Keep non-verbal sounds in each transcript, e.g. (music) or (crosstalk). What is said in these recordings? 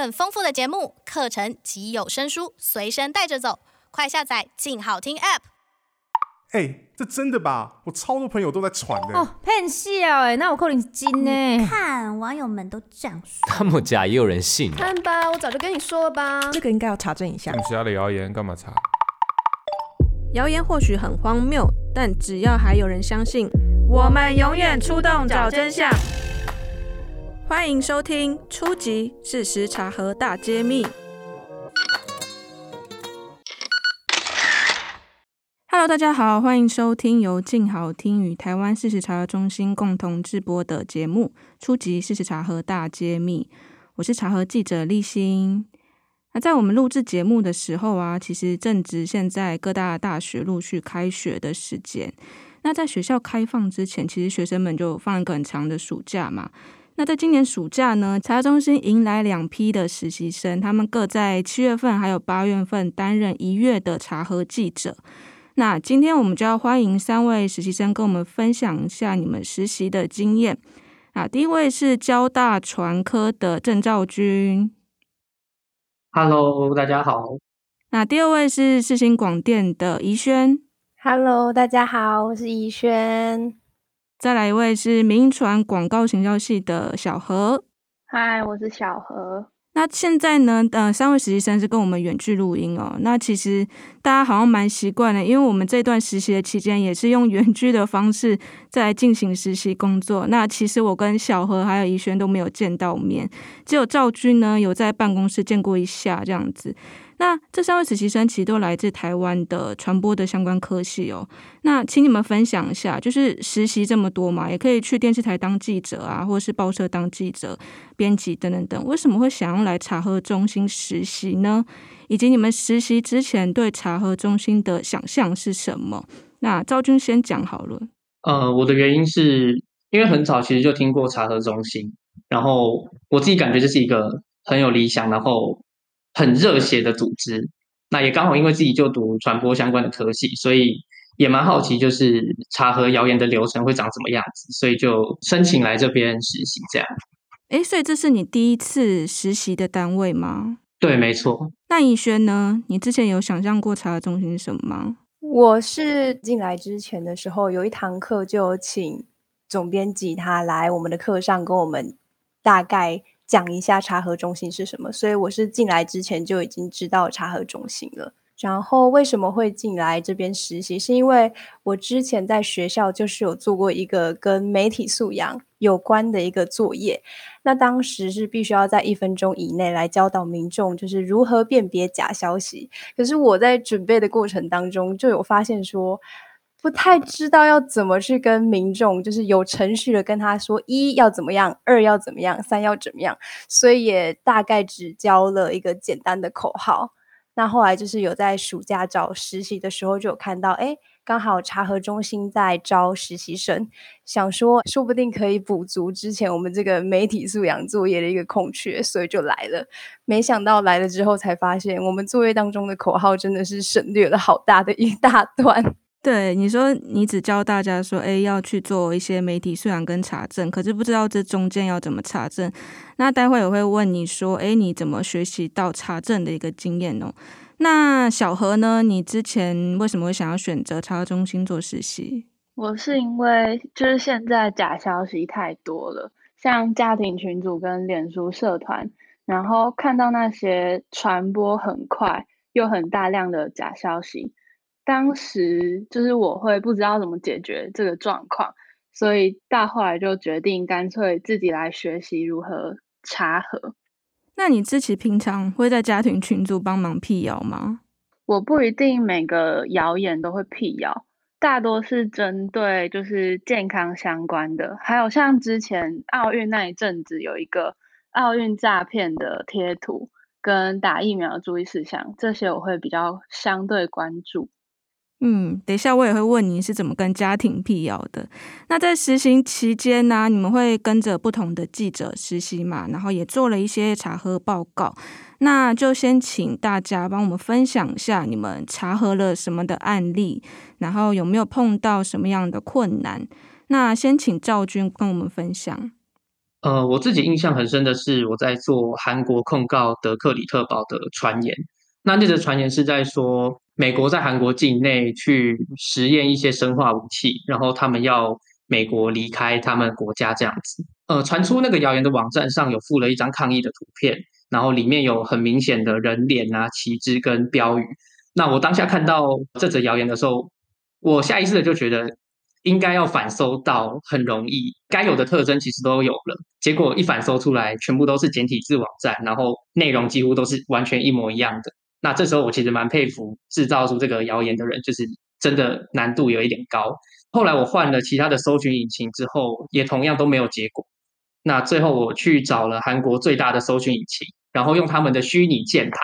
很豐富的節目、課程及有聲書隨身帶着走，快下載靜好聽 App。哎、欸，這真的吧？我超多朋友都在傳的哦。騙笑哎，那我扣你金呢？看網友們都這樣說，他們家也有人信。看吧，我早就跟你說了吧。這個應該要查證一下。其他的謠言幹嘛查？謠言或許很荒謬，但只要還有人相信，我們永遠出動找真相。歡迎收聽《出擊！事實查核大揭密》。Hello，大家好，歡迎收聽由鏡好聽與台灣事實查核中心共同製播的節目《出擊！事實查核大揭密》。我是查核記者立新。那在我們錄製節目的時候啊，其實正值現在各大大學陸續開學的時間。那在學校開放之前，其實學生們就有放一個很長的暑假嘛。那在今年暑假呢，查中心迎來兩批的實習生，他們各在七月份還有八月份擔任一月的查核記者。那今天我們就要歡迎三位實習生跟我們分享一下你們實習的經驗。啊，第一位是交大傳科的鄭兆軍，Hello，大家好。那第二位是世新廣電的宜萱，Hello，大家好，我是宜萱。再來一位是名傳廣告行銷系的小何，嗨，我是小何。那現在呢？呃，三位實習生是跟我們遠距錄音哦。那其實大家好像蠻習慣的，因為我們這段實習的期間也是用遠距的方式在進行實習工作。那其實我跟小何還有宜萱，都沒有見到面，只有趙君，呢有在辦公室見過一下這樣子。那這三位實習生其實都來自台灣的傳播的相關科系哦。那請你們分享一下，就是實習這麼多嘛，也可以去電視台當記者啊，或者是報社當記者、編輯等等等，為什麼會想要來查核中心實習呢？以及你們實習之前對查核中心的想象是什麼？那昭君先講好了。呃，我的原因是，因為很早其實就聽過查核中心，然後我自己感覺這是一個很有理想，然後。很熱血的組織，那也剛好因為自己就讀傳播相關的科系，所以也蠻好奇，就是查核謠言的流程會長什麼樣子，所以就申請來這邊實習這樣。哎、嗯欸，所以這是你第一次實習的單位嗎？對，沒錯。那以軒呢？你之前有想象過查核中心是什麼嗎？我是進來之前的時候，有一堂課就請總編輯他來我們的課上跟我們大概。講一下查核中心是什麼？所以我是進來之前就已經知道查核中心了。然後為什麼會進來這邊實習？是因為我之前在學校就是有做過一個跟媒體素養有關的一個作業。那當時是必須要在一分鐘以內來教導民眾，就是如何辨別假消息。可是我在準備的過程當中就有發現說。不太知道要怎麼去跟民眾，就是有程序的跟他說：一要怎麼樣，二要怎麼樣，三要怎麼樣。所以也大概只教了一個簡單的口號。那後來就是有在暑假找實習的時候，就有看到，哎，剛好查核中心在招實習生，想說，說不定可以補足之前我們這個媒體素養作業的一個空缺，所以就來了。沒想到來了之後才發現，我們作業當中的口號真的是省略了好大的一大段。對你說，你只教大家說，哎，要去做一些媒體素養跟查證，可是不知道這中間要怎麼查證。那待會也會問你說，哎，你怎麼學習到查證的一個經驗哦？那小何呢？你之前為什麼會想要選擇查核中心做實習？我是因為就是現在假消息太多了，像家庭群組跟臉書社團，然後看到那些傳播很快又很大量的假消息。當時就是我會不知道怎麼解決這個狀況，所以到後來就決定乾脆自己來學習如何查核。那你自己平常會在家庭群組幫忙闢謠嗎？我不一定每個謠言都會闢謠，大多是針對就是健康相關的，還有像之前奧運那一陣子有一個奧運詐騙的貼圖跟打疫苗的注意事項，這些我會比較相對關注。嗯，等一下我也會問您是怎麼跟家庭闢謠的。那在實習期間呢、啊，你們會跟着不同的記者實習嘛？然後也做了一些查核報告。那就先請大家幫我們分享一下你們查核了什麼的案例，然後有沒有碰到什麼樣的困難？那先請趙君跟我們分享。呃，我自己印象很深的是我在做韓國控告德克里特堡的傳言，那這個傳言是在說。美國在韓國境內去實驗一些生化武器，然後他們要美國離開他們國家這樣子。呃，傳出那個謠言的網站上有附了一張抗議的圖片，然後裡面有很明顯的人臉啊、旗幟跟標語。那我當下看到這則謠言的時候，我下意識的就覺得應該要反搜到，很容易，該有的特徵其實都有了。結果一反搜出來，全部都是簡體字網站，然後內容幾乎都是完全一模一樣的。那這時候我其實蠻佩服制造出這個謠言的人，就是真的難度有一點高。後來我換了其他的搜尋引擎之後，也同樣都沒有結果。那最後我去找了韓國最大的搜尋引擎，然後用他們的虛擬鍵盤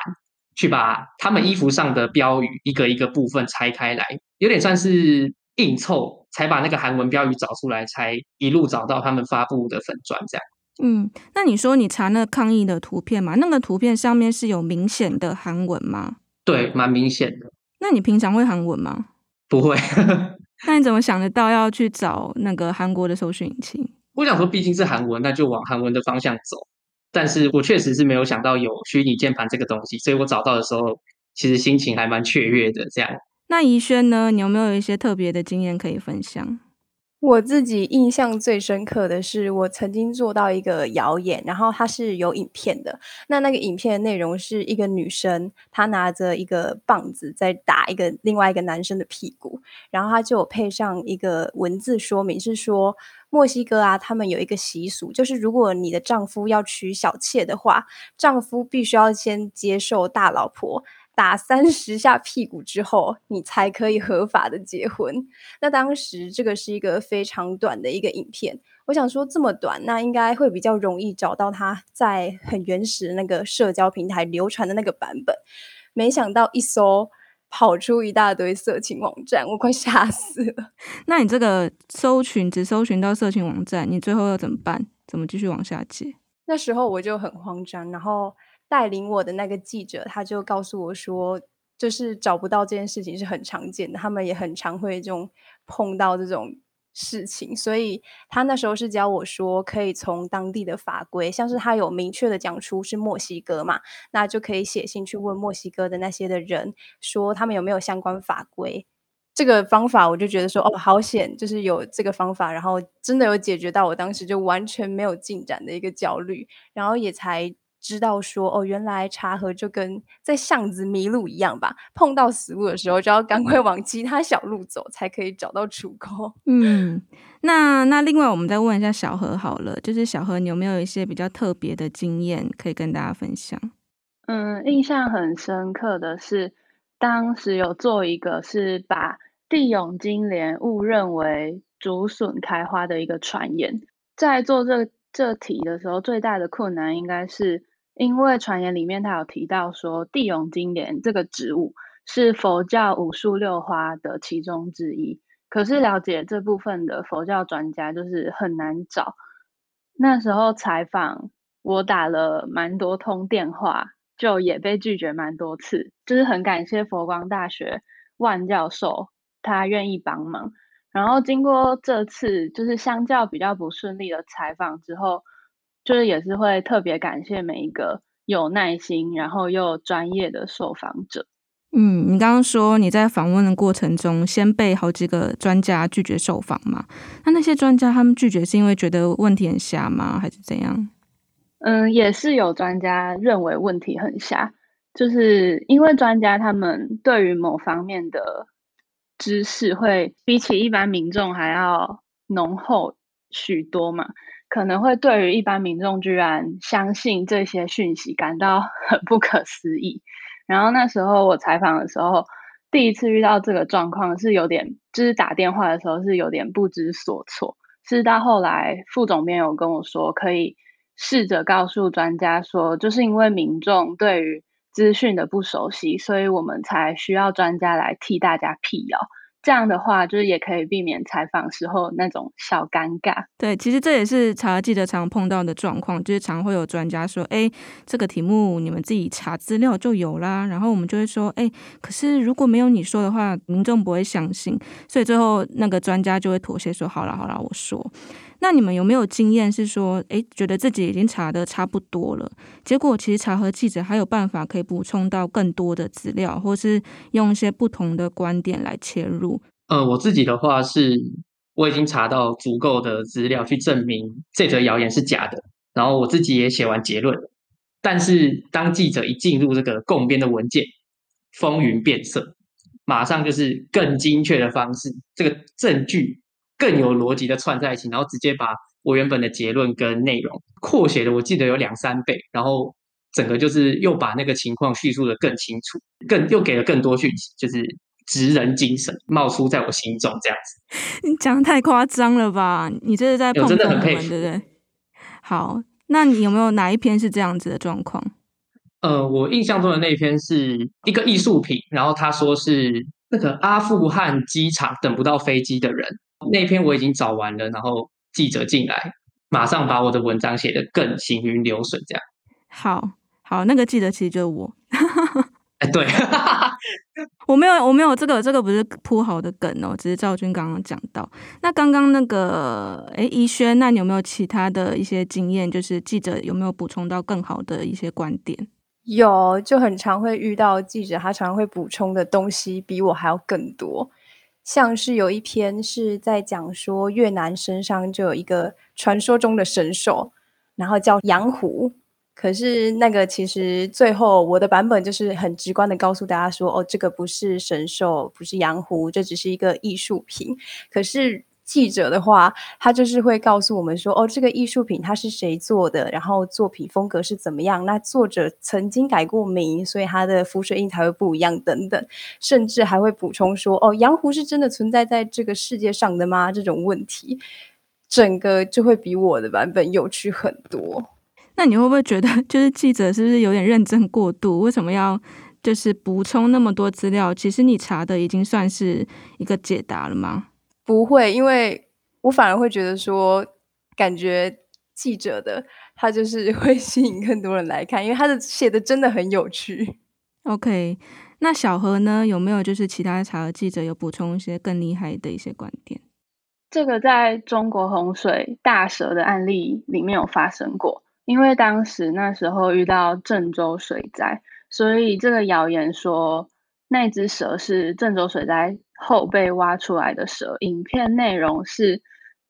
去把他們衣服上的標語一個一個部分拆開來，有點算是硬湊，才把那個韓文標語找出來，才一路找到他們發布的粉專這樣。嗯，那你說你查那抗議的圖片嘛？那個圖片上面是有明顯的韓文嗎？對，蠻明顯的。那你平常會韓文嗎？不會。 (laughs) 那你怎麼想得到要去找那個韓國的搜尋引擎？我想說，畢竟是韓文，那就往韓文的方向走。但是我確實是沒有想到有虛擬鍵盤這個東西，所以我找到的時候，其實心情還蠻雀躍的。這樣，那宜萱呢？你有沒有一些特別的經驗可以分享？我自己印象最深刻的是，我曾經做到一個謠言，然後它是有影片的。那那個影片的內容是一個女生，她拿着一個棒子在打一個另外一個男生的屁股，然後它就有配上一個文字說明，是說墨西哥啊，他們有一個習俗，就是如果你的丈夫要娶小妾的話，丈夫必須要先接受大老婆，打三十下屁股之後，你才可以合法的結婚。那當時這個是一個非常短的一個影片，我想說這麼短，那應該會比較容易找到它在很原始的那個社交平台流傳的那個版本。沒想到一搜跑出一大堆色情網站，我快嚇死了。那你這個搜尋只搜尋到色情網站，你最後要怎麼辦？怎麼繼續往下接？那時候我就很慌張，然後。帶領我的那個記者，他就告訴我說，就是找不到這件事情是很常見的，他們也很常會這種碰到這種事情，所以他那時候是教我說，可以從當地的法規，像是他有明確的講出是墨西哥嘛，那就可以寫信去問墨西哥的那些的人，說他們有沒有相關法規。這個方法我就覺得說，哦，好險，就是有這個方法，然後真的有解決到我當時就完全沒有進展的一個焦慮，然後也才。知道說哦，原來查核就跟在巷子迷路一樣吧。碰到死路的時候，就要趕快往其他小路走，才可以找到出口。嗯，那那另外我們再問一下小何好了，就是小何，你有沒有一些比較特別的經驗可以跟大家分享？嗯，印象很深刻的是，當時有做一個是把地湧金蓮誤認為竹筍開花的一個傳言。在做這這題的時候，最大的困難應該是。因為傳言裡面他有提到說，地湧金蓮這個植物是佛教五樹六花的其中之一，可是了解這部分的佛教專家就是很難找。那時候採訪我打了蠻多通電話，就也被拒絕蠻多次，就是很感謝佛光大學萬教授他願意幫忙。然後經過這次就是相較比較不順利的採訪之後。就是也是會特別感謝每一個有耐心然後又專業的受訪者。嗯，你剛剛說你在訪問的過程中，先被好幾個專家拒絕受訪嘛？那那些專家他們拒絕是因為覺得問題很瞎嗎？還是怎樣？嗯，也是有專家認為問題很瞎，就是因為專家他們對於某方面的知識會比起一般民眾還要濃厚許多嘛。可能會對於一般民眾居然相信這些訊息感到很不可思議。然後那時候我採訪的時候，第一次遇到這個狀況是有點，就是打電話的時候是有點不知所措。是到後來副總編有跟我說，可以試着告訴專家說，就是因為民眾對於資訊的不熟悉，所以我們才需要專家來替大家闢謠。這樣的話，就是也可以避免採訪時候那種小尷尬。對，其實這也是查記者常碰到的狀況，就是常會有專家說：“哎，這個題目你們自己查資料就有啦。”然後我們就會說：“哎，可是如果沒有你說的話，民眾不會相信。”所以最後那個專家就會妥協說：“好啦好啦，我說。”那你們有沒有經驗是說，誒，覺得自己已經查得差不多了，結果其實查核記者還有辦法可以補充到更多的資料，或是用一些不同的觀點來切入？呃，我自己的話是，我已經查到足夠的資料去證明這則謠言是假的，然後我自己也寫完結論。但是當記者一進入這個共編的文件，風雲變色，馬上就是更精確的方式，這個證據。更有邏輯的串在一起，然後直接把我原本的結論跟內容擴寫的，我記得有兩三倍，然後整個就是又把那個情況敘述得更清楚，更又給了更多訊息，就是職人精神冒出在我心中這樣子。你講的太誇張了吧？你這是在碰觸、欸、我真的很佩服、對不對？好，那你有沒有哪一篇是這樣子的狀況？呃，我印象中的那一篇是一個藝術品，然後他說是那個阿富汗機場等不到飛機的人。那篇我已經找完了，然後記者進來，馬上把我的文章寫得更行雲流水這樣。好好，那個記者其實就是我。哎、 (laughs) 欸，對， (laughs) 我沒有，我沒有這個，這個不是鋪好的梗哦。只是趙軍剛剛講到，那剛剛那個，哎，怡軒，那你有沒有其他的一些經驗？就是記者有沒有補充到更好的一些觀點？有，就很常會遇到記者，他常常會補充的東西比我還要更多。像是有一篇是在講說越南身上就有一個傳說中的神獸，然後叫羊虎。可是那個其實最後我的版本就是很直觀的告訴大家說，哦，這個不是神獸，不是羊虎，這只是一個藝術品。可是。記者的話，他就是會告訴我們說，哦，這個藝術品它是誰做的，然後作品風格是怎麼樣。那作者曾經改過名，所以他的浮水印才會不一樣等等，甚至還會補充說，哦，洋湖是真的存在在這個世界上的嗎？這種問題，整個就會比我的版本有趣很多。那你會不會覺得，就是記者是不是有點認真過度？為什麼要就是補充那麼多資料？其實你查的已經算是一個解答了嗎？不會，因為我反而會覺得說，感覺記者的他就是會吸引更多人來看，因為他的寫的真的很有趣。OK，那小何呢？有沒有就是其他查核的記者有補充一些更厲害的一些觀點？這個在中國洪水大蛇的案例裡面有發生過，因為當時那時候遇到鄭州水災，所以這個謠言說。那只蛇是鄭州水災後被挖出來的蛇。影片內容是，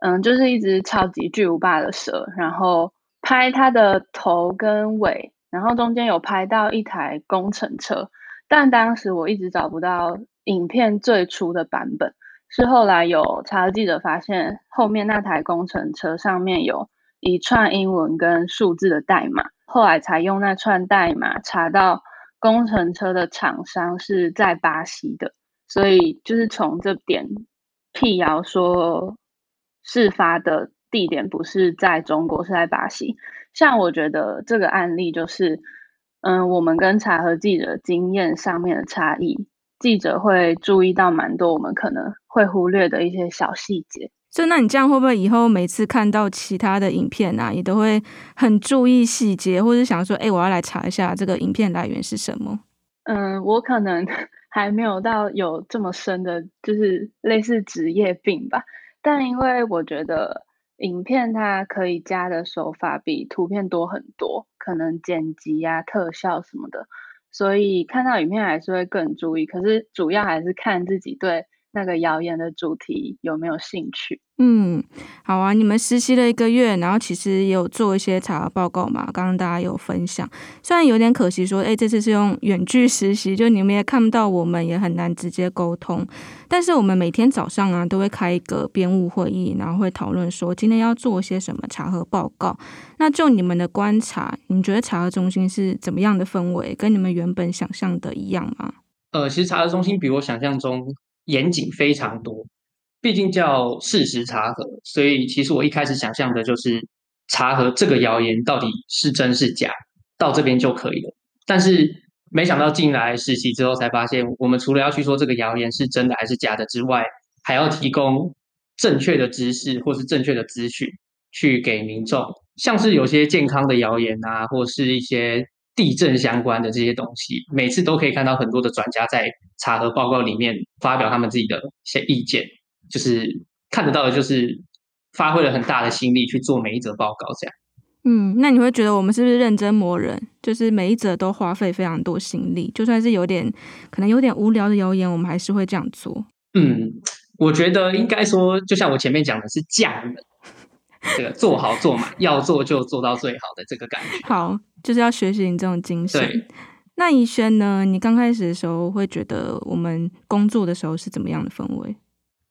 嗯，就是一只超級巨無霸的蛇，然後拍它的頭跟尾，然後中間有拍到一台工程車，但當時我一直找不到影片最初的版本，是後來有查記者發現後面那台工程車上面有一串英文跟數字的代碼，後來才用那串代碼查到。工程車的廠商是在巴西的，所以就是從這點闢謠說，事發的地點不是在中國，是在巴西。像我覺得這個案例就是，嗯，我們跟查核記者經驗上面的差異，記者會注意到蠻多我們可能會忽略的一些小細節。就那，你這樣會不會以後每次看到其他的影片啊，你都會很注意細節，或是想說，哎、欸，我要來查一下這個影片來源是什麼？嗯，我可能還沒有到有這麼深的，就是類似職業病吧。但因為我覺得影片它可以加的手法比圖片多很多，可能剪輯呀、啊、特效什麼的，所以看到影片還是會更注意。可是主要還是看自己，對。那個謠言的主題有沒有興趣？嗯，好啊。你們實習了一個月，然後其實也有做一些查核報告嘛？剛剛大家有分享，雖然有點可惜說，說、欸、哎，這次是用遠距實習，就你們也看不到，我們也很難直接溝通。但是我們每天早上啊，都會開一個編務會議，然後會討論說今天要做一些什麼查核報告。那就你們的觀察，你們覺得查核中心是怎麼樣的氛圍？跟你們原本想象的一樣嗎？呃，其實查核中心比我想象中。嚴謹非常多，畢竟叫事實查核，所以其實我一開始想象的就是查核這個謠言到底是真是假，到這邊就可以了。但是沒想到進來實習之後才發現，我們除了要去說這個謠言是真的還是假的之外，還要提供正確的知識或是正確的資訊去給民眾，像是有些健康的謠言啊，或是一些。地震相關的這些東西，每次都可以看到很多的專家在查核報告裡面發表他們自己的一些意見，就是看得到的就是發揮了很大的心力去做每一則報告。這樣，嗯，那你會覺得我們是不是認真魔人？就是每一則都花費非常多心力，就算是有點可能有點無聊的謠言，我們還是會這樣做。嗯，我覺得應該說，就像我前面講的是假的。這個做好做滿， (laughs) 要做就做到最好的這個感覺。好，就是要學習你這種精神。對，那怡萱呢？你剛開始的時候會覺得我們工作的時候是怎麼樣的氛圍？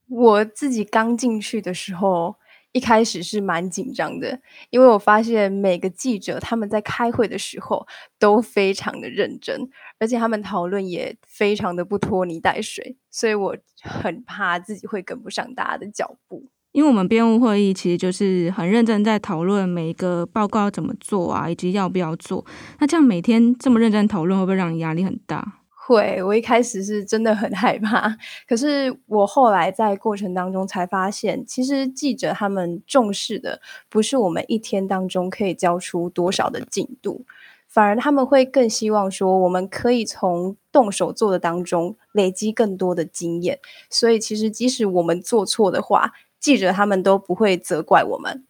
我自己剛進去的時候，一開始是蠻緊張的，因為我發現每個記者他們在開會的時候都非常的認真，而且他們討論也非常的不拖泥帶水，所以我很怕自己會跟不上大家的腳步。因為我們編務會議其實就是很認真在討論每一個報告怎麼做啊，以及要不要做。那這樣每天這麼認真討論，會不會讓你壓力很大？會，我一開始是真的很害怕。可是我後來在過程當中才發現，其實記者他們重視的不是我們一天當中可以交出多少的進度，反而他們會更希望說，我們可以從動手做的當中累積更多的經驗。所以，其實即使我們做錯的話，記者他們都不會責怪我們，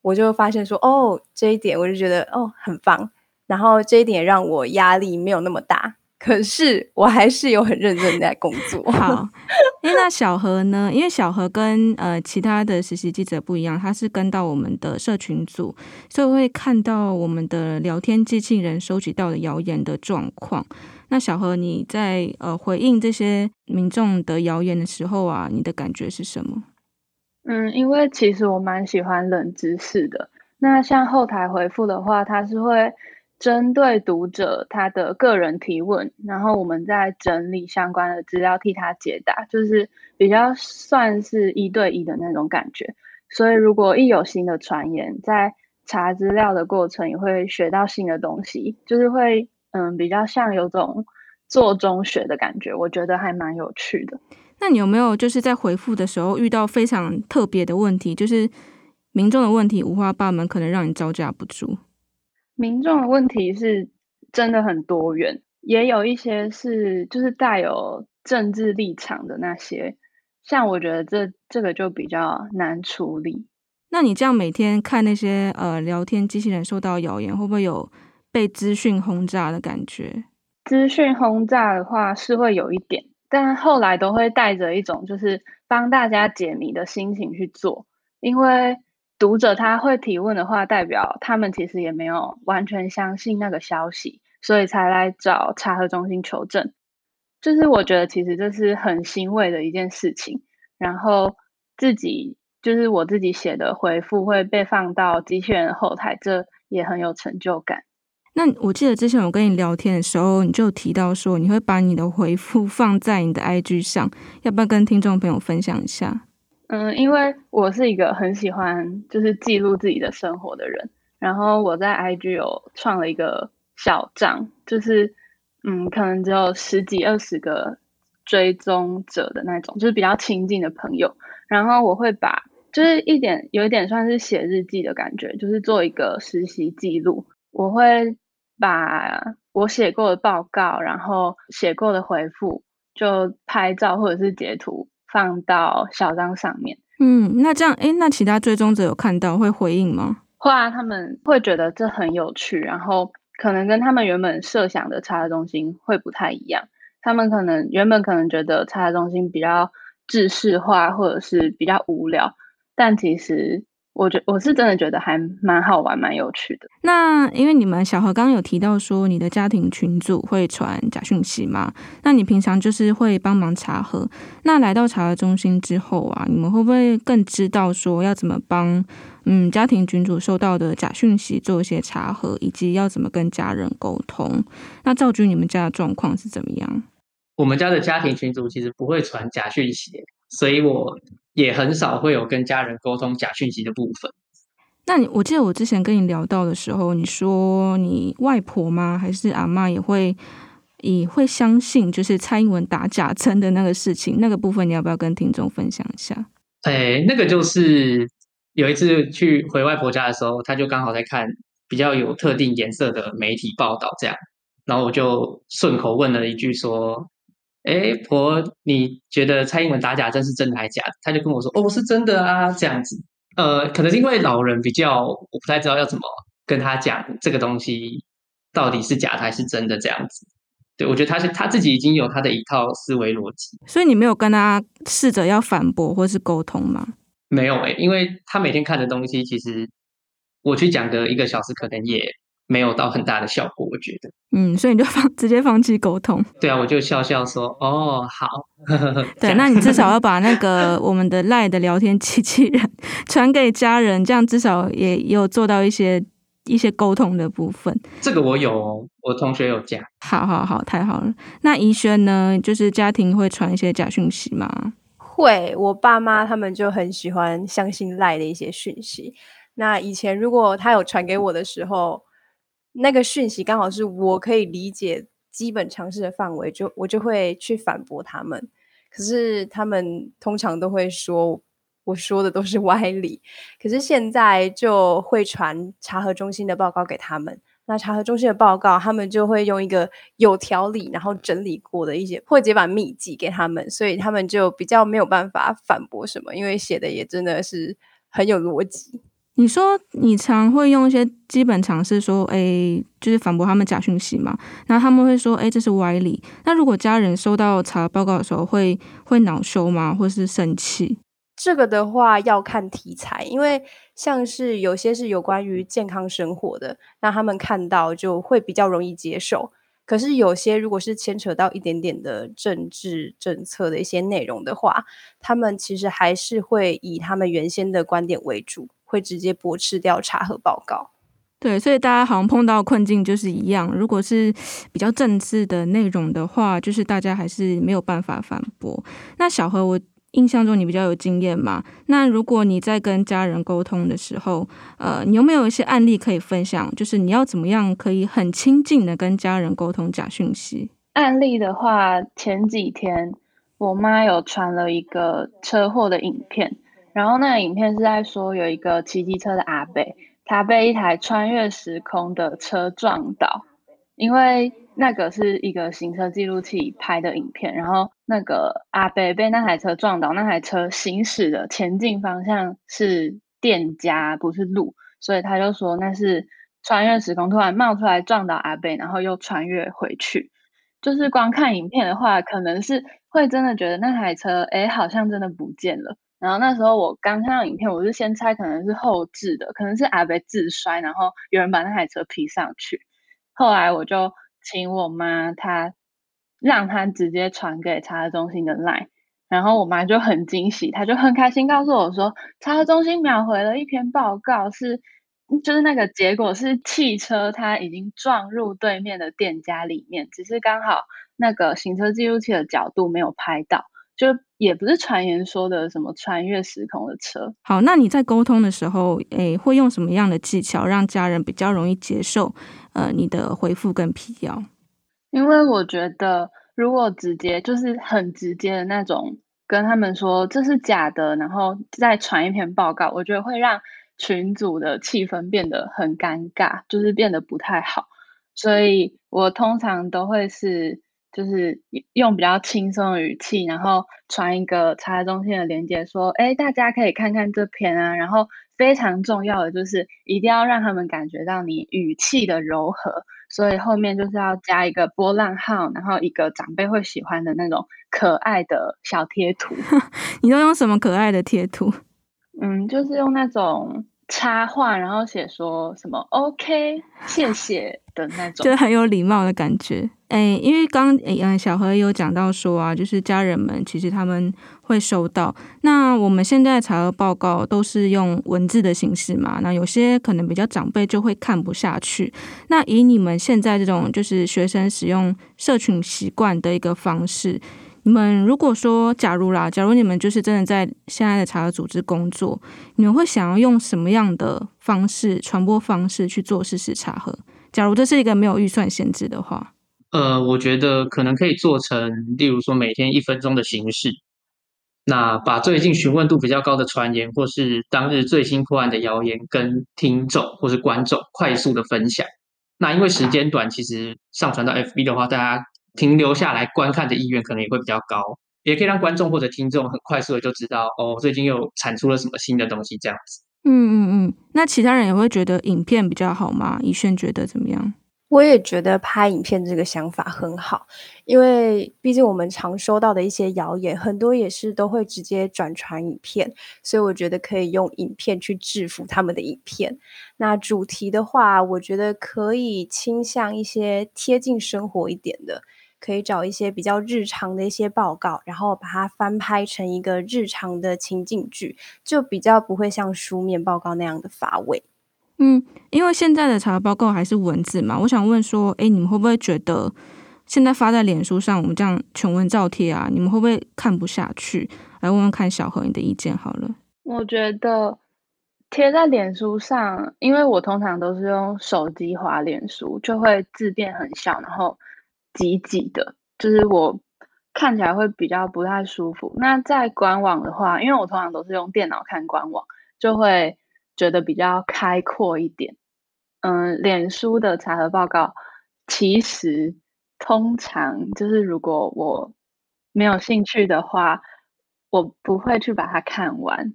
我就發現說哦這一點，我就覺得哦很棒，然後這一點也讓我壓力沒有那麼大，可是我還是有很認真在工作。 (laughs) 好，那小何呢？因為小何跟呃其他的實習記者不一樣，他是跟到我們的社群組，所以會看到我們的聊天機器人收集到的謠言的狀況。那小何你在呃回應這些民眾的謠言的時候啊，你的感覺是什麼？嗯，因為其實我蠻喜歡冷知識的。那像後台回復的話，他是會針對讀者他的個人提問，然後我們再整理相關的資料替他解答，就是比較算是一對一的那種感覺。所以如果一有新的傳言，在查資料的過程也會學到新的東西，就是會嗯比較像有種做中學的感覺，我覺得還蠻有趣的。那你有沒有就是在回復的時候遇到非常特別的問題？就是民眾的問題五花八門，爸們可能讓你招架不住。民眾的問題是真的很多元，也有一些是就是帶有政治立場的那些，像我覺得這這個就比較難處理。那你這樣每天看那些呃聊天機器人受到謠言，會不會有被資訊轟炸的感覺？資訊轟炸的話是會有一點。但後來都會帶着一種就是幫大家解謎的心情去做，因為讀者他會提問的話，代表他們其實也沒有完全相信那個消息，所以才來找查核中心求證。就是我覺得其實這是很欣慰的一件事情，然後自己就是我自己寫的回復會被放到機器人後台，這也很有成就感。那我記得之前我跟你聊天的時候，你就提到說你會把你的回復放在你的 IG 上，要不要跟聽眾朋友分享一下？嗯，因為我是一個很喜歡就是記錄自己的生活的人，然後我在 IG 有創了一個小帳，就是嗯，可能只有十幾二十個追蹤者的那種，就是比較親近的朋友。然後我會把，就是一點，有一點算是寫日記的感覺，就是做一個實習記錄，我會。把我寫過的報告，然後寫過的回覆，就拍照或者是截圖放到小張上面。嗯，那這樣誒，那其他追蹤者有看到會回應嗎？會啊，他們會覺得這很有趣，然後可能跟他們原本設想的查核中心會不太一樣。他們可能原本可能覺得查核中心比較制式化，或者是比較無聊，但其實。我覺我是真的覺得還蠻好玩，蠻有趣的。那因為你們小何剛剛有提到說你的家庭群組會傳假訊息嘛，那你平常就是會幫忙查核，那來到查核中心之後啊，你們會不會更知道說要怎麼幫嗯家庭群組收到的假訊息做一些查核，以及要怎麼跟家人溝通？那趙軍，你們家的狀況是怎麼樣？我們家的家庭群組其實不會傳假訊息，所以我。也很少會有跟家人溝通假訊息的部分。那你，我記得我之前跟你聊到的時候，你說你外婆嗎？還是阿嬤也會也會相信就是蔡英文打假針的那個事情？那個部分，你要不要跟聽眾分享一下？哎，那個就是有一次去回外婆家的時候，她就剛好在看比較有特定顏色的媒體報道，這樣，然後我就順口問了一句說。哎、欸、婆，你覺得蔡英文打假真是真的還是假的？他就跟我說：“哦，是真的啊，這樣子。”呃，可能是因為老人比較，我不太知道要怎麼跟他講這個東西到底是假的還是真的這樣子。對我覺得他是他自己已經有他的一套思維邏輯，所以你沒有跟他試着要反駁或是溝通嗎？沒有、欸、因為他每天看的東西，其實我去講個一個小時，可能也。沒有到很大的效果，我覺得，嗯，所以你就放直接放棄溝通。對啊，我就笑笑說：“哦，好。呵呵”對，那你至少要把那個 (laughs) 我們的賴的聊天機器人傳給家人，這樣至少也，也有做到一些一些溝通的部分。這個我有，我同學有講。好好好，太好了。那宜萱呢？就是家庭會傳一些假訊息嗎？會，我爸媽他們就很喜歡相信賴的一些訊息。那以前如果他有傳給我的時候。那個訊息剛好是我可以理解基本常識的範圍，就我就會去反駁他們。可是他們通常都會說我說的都是歪理。可是現在就會傳查核中心的報告給他們，那查核中心的報告，他們就會用一個有條理，然後整理過的一些破解版秘籍給他們，所以他們就比較沒有辦法反駁什麼，因為寫的也真的是很有邏輯。你說你常會用一些基本常識說，哎，就是反駁他們假訊息嘛。然後他們會說，哎，這是歪理。那如果家人收到查報告的時候會，會會惱羞嗎，或是生氣？這個的話要看題材，因為像是有些是有關於健康生活的，那他們看到就會比較容易接受。可是有些如果是牽扯到一點點的政治政策的一些內容的話，他們其實還是會以他們原先的觀點為主。會直接駁斥掉查核報告，對，所以大家好像碰到困境就是一樣。如果是比較政治的內容的話，就是大家還是沒有辦法反駁。那小何，我印象中你比較有經驗嘛？那如果你在跟家人溝通的時候，呃，你有沒有一些案例可以分享？就是你要怎麼樣可以很親近的跟家人溝通假訊息？案例的話，前幾天我媽有傳了一個車禍的影片。然後那個影片是在說，有一個騎機車的阿伯，他被一台穿越時空的車撞倒。因為那個是一個行車記錄器拍的影片，然後那個阿伯被那台車撞倒，那台車行駛的前進方向是店家，不是路，所以他就說那是穿越時空，突然冒出來撞倒阿伯，然後又穿越回去。就是光看影片的話，可能是會真的覺得那台車，誒，好像真的不見了。然後那時候我剛看到影片，我是先猜可能是後製的，可能是阿伯自摔，然後有人把那台車 P 上去。後來我就請我媽，她讓她直接傳給查核中心的 LINE，然後我媽就很驚喜，她就很開心，告訴我說查核中心秒回了一篇報告是，是就是那個結果是汽車它已經撞入對面的店家裡面，只是剛好那個行車記錄器的角度沒有拍到。就也不是傳言說的什麼穿越時空的車。好，那你在溝通的時候，誒、欸，會用什麼樣的技巧讓家人比較容易接受？呃，你的回復跟闢謠？因為我覺得，如果直接就是很直接的那種，跟他們說這是假的，然後再傳一篇報告，我覺得會讓群組的氣氛變得很尷尬，就是變得不太好。所以我通常都會是。就是用比較輕鬆的語氣，然後傳一個查核中心的鏈接，說：“哎、欸，大家可以看看這篇啊。”然後非常重要的就是一定要讓他們感覺到你語氣的柔和，所以後面就是要加一個波浪號，然後一個長輩會喜歡的那種可愛的小貼圖。 (laughs) 你都用什麼可愛的貼圖？嗯，就是用那種插畫，然後寫說什麼 “OK”，謝謝的那種，就很有禮貌的感覺。哎，因為剛嗯小何有講到說啊，就是家人們其實他們會收到。那我們現在查核報告都是用文字的形式嘛，那有些可能比較長輩就會看不下去。那以你們現在這種就是學生使用社群習慣的一個方式，你們如果說假如啦，假如你們就是真的在現在的查核組織工作，你們會想要用什麼樣的方式傳播方式去做事實查核，假如這是一個沒有預算限制的話。呃，我覺得可能可以做成，例如說每天一分鐘的形式，那把最近詢問度比較高的傳言，或是當日最新破案的謠言，跟聽眾或是觀眾快速的分享。那因為時間短，其實上傳到 FB 的話，大家停留下來觀看的意願可能也會比較高，也可以讓觀眾或者聽眾很快速的就知道，哦，最近又產出了什麼新的東西這樣子。嗯嗯嗯。那其他人也會覺得影片比較好嗎？怡軒覺得怎麼樣？我也覺得拍影片這個想法很好，因為畢竟我們常收到的一些謠言，很多也是都會直接轉傳影片，所以我覺得可以用影片去制服他們的影片。那主題的話，我覺得可以傾向一些貼近生活一點的，可以找一些比較日常的一些報告，然後把它翻拍成一個日常的情景劇，就比較不會像書面報告那樣的乏味。嗯，因為現在的查報告還是文字嘛。我想問說，哎、欸，你們會不會覺得現在發在臉書上，我們這樣全文照貼啊？你們會不會看不下去？來問問看，小何你的意見好了。我覺得貼在臉書上，因為我通常都是用手機滑臉書，就會字變很小，然後擠擠的，就是我看起來會比較不太舒服。那在官網的話，因為我通常都是用電腦看官網，就會。覺得比較開闊一點，嗯，臉書的查核報告其實通常就是如果我沒有興趣的話，我不會去把它看完。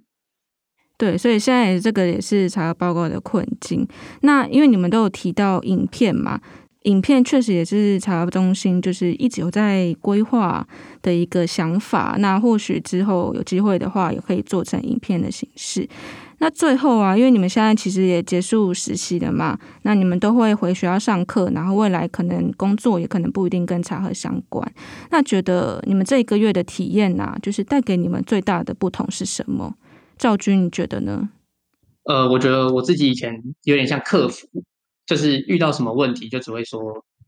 對，所以現在這個也是查核報告的困境。那因為你們都有提到影片嘛。影片確實也是查核中心就是一直有在規劃的一個想法。那或許之後有機會的話，也可以做成影片的形式。那最後啊，因為你們現在其實也結束實習了嘛，那你們都會回學校上課，然後未來可能工作也可能不一定跟查核相關。那覺得你們這一個月的體驗啊，就是帶給你們最大的不同是什麼？趙軍，你覺得呢？呃，我覺得我自己以前有點像客服。就是遇到什麼問題，就只會說，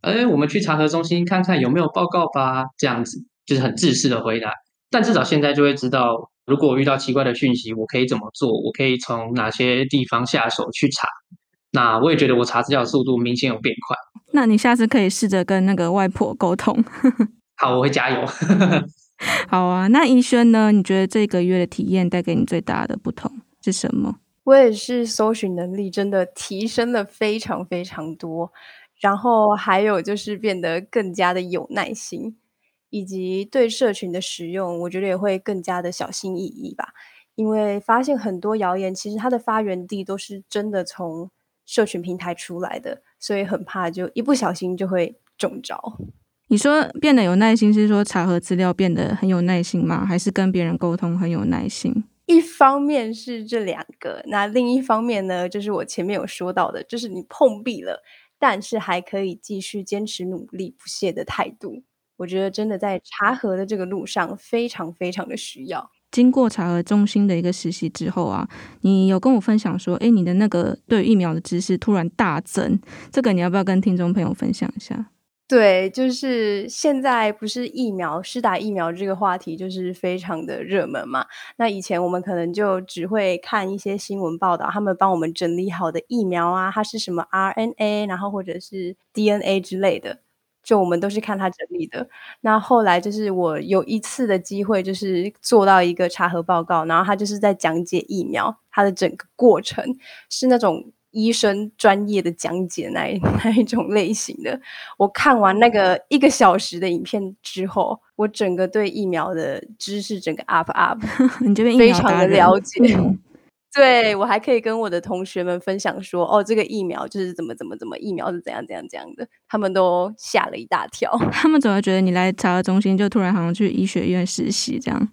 哎、欸，我們去查核中心看看有沒有報告吧，這樣子就是很自私的回答。但至少現在就會知道，如果遇到奇怪的訊息，我可以怎麼做，我可以從哪些地方下手去查。那我也覺得我查資料的速度明顯有變快。那你下次可以試着跟那個外婆溝通。 (laughs) 好，我會加油。 (laughs) 好啊，那宜萱呢？你覺得這個月的體驗帶給你最大的不同是什麼？我也是，搜尋能力真的提升了非常非常多，然後還有就是變得更加的有耐心，以及對社群的使用，我覺得也會更加的小心翼翼吧。因為發現很多謠言，其實它的發源地都是真的從社群平台出來的，所以很怕就一不小心就會中招。你說變得有耐心，是說查核資料變得很有耐心嗎？還是跟別人溝通很有耐心？一方面是這兩個，那另一方面呢，就是我前面有說到的，就是你碰壁了，但是還可以繼續堅持努力不懈的態度。我覺得真的在查核的這個路上非常非常的需要。經過查核中心的一個實習之後啊，你有跟我分享說，哎、欸，你的那個對疫苗的知識突然大增，這個你要不要跟聽眾朋友分享一下？對，就是現在不是疫苗施打疫苗這個話題就是非常的熱門嘛。那以前我們可能就只會看一些新聞報道，他們幫我們整理好的疫苗啊，它是什麼 RNA，然後或者是 DNA 之類的，就我們都是看它整理的。那後來就是我有一次的機會，就是做到一個查核報告，然後他就是在講解疫苗它的整個過程，是那種。醫生專業的講解那一那一種類型的，我看完那個一個小時的影片之後，我整個對疫苗的知識整個 up up， (laughs) 你這邊非常的了解，嗯、對我還可以跟我的同學們分享說，哦，這個疫苗就是怎麼怎麼怎麼疫苗是怎樣怎樣怎樣的，他們都嚇了一大跳，他們總是覺得你來查核中心就突然好像去醫學院實習這樣。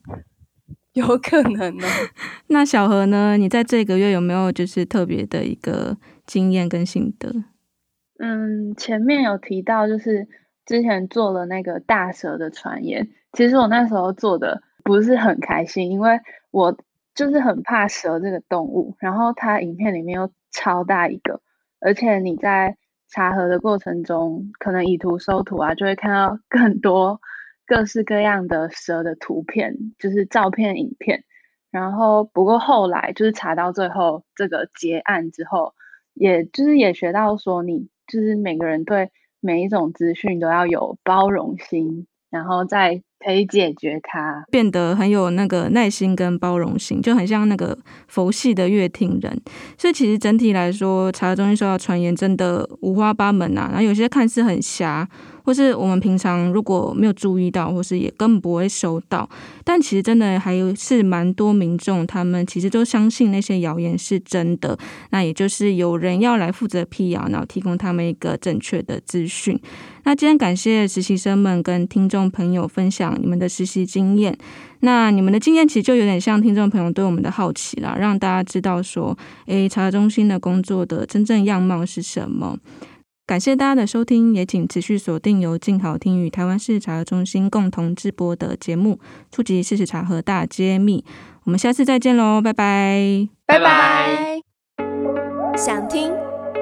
有可能呢、啊。 (laughs) 那小何呢？你在這個月有沒有就是特別的一個經驗跟心得？嗯，前面有提到，就是之前做了那個大蛇的傳言。其實我那時候做的不是很開心，因為我就是很怕蛇這個動物。然後它影片裡面又超大一個，而且你在查核的過程中，可能以圖搜圖啊，就會看到更多。各式各樣的蛇的圖片，就是照片、影片。然後不過後來就是查到最後這個結案之後，也就是也學到說，你就是每個人對每一種資訊都要有包容心，然後再。可以解決它，變得很有那個耐心跟包容性，就很像那個佛系的閱聽人。所以其實整體來說，查核中心收到傳言真的五花八門啊。然後有些看似很瞎，或是我們平常如果沒有注意到，或是也根本不會收到。但其實真的還是蠻多民眾，他們其實都相信那些謠言是真的。那也就是有人要來負責闢謠，然後提供他們一個正確的資訊。那今天感謝實習生們跟聽眾朋友分享。你們的實習經驗，那你們的經驗其實就有點像聽眾朋友對我們的好奇啦。讓大家知道說，哎，查核中心的工作的真正樣貌是什麼？感謝大家的收聽，也請持續鎖定由靜好聽與台灣事實查核中心共同製播的節目《出擊！事實查核大揭密》。我們下次再見嘍，拜拜，拜拜 bye。想聽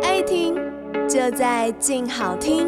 愛聽，就在靜好聽。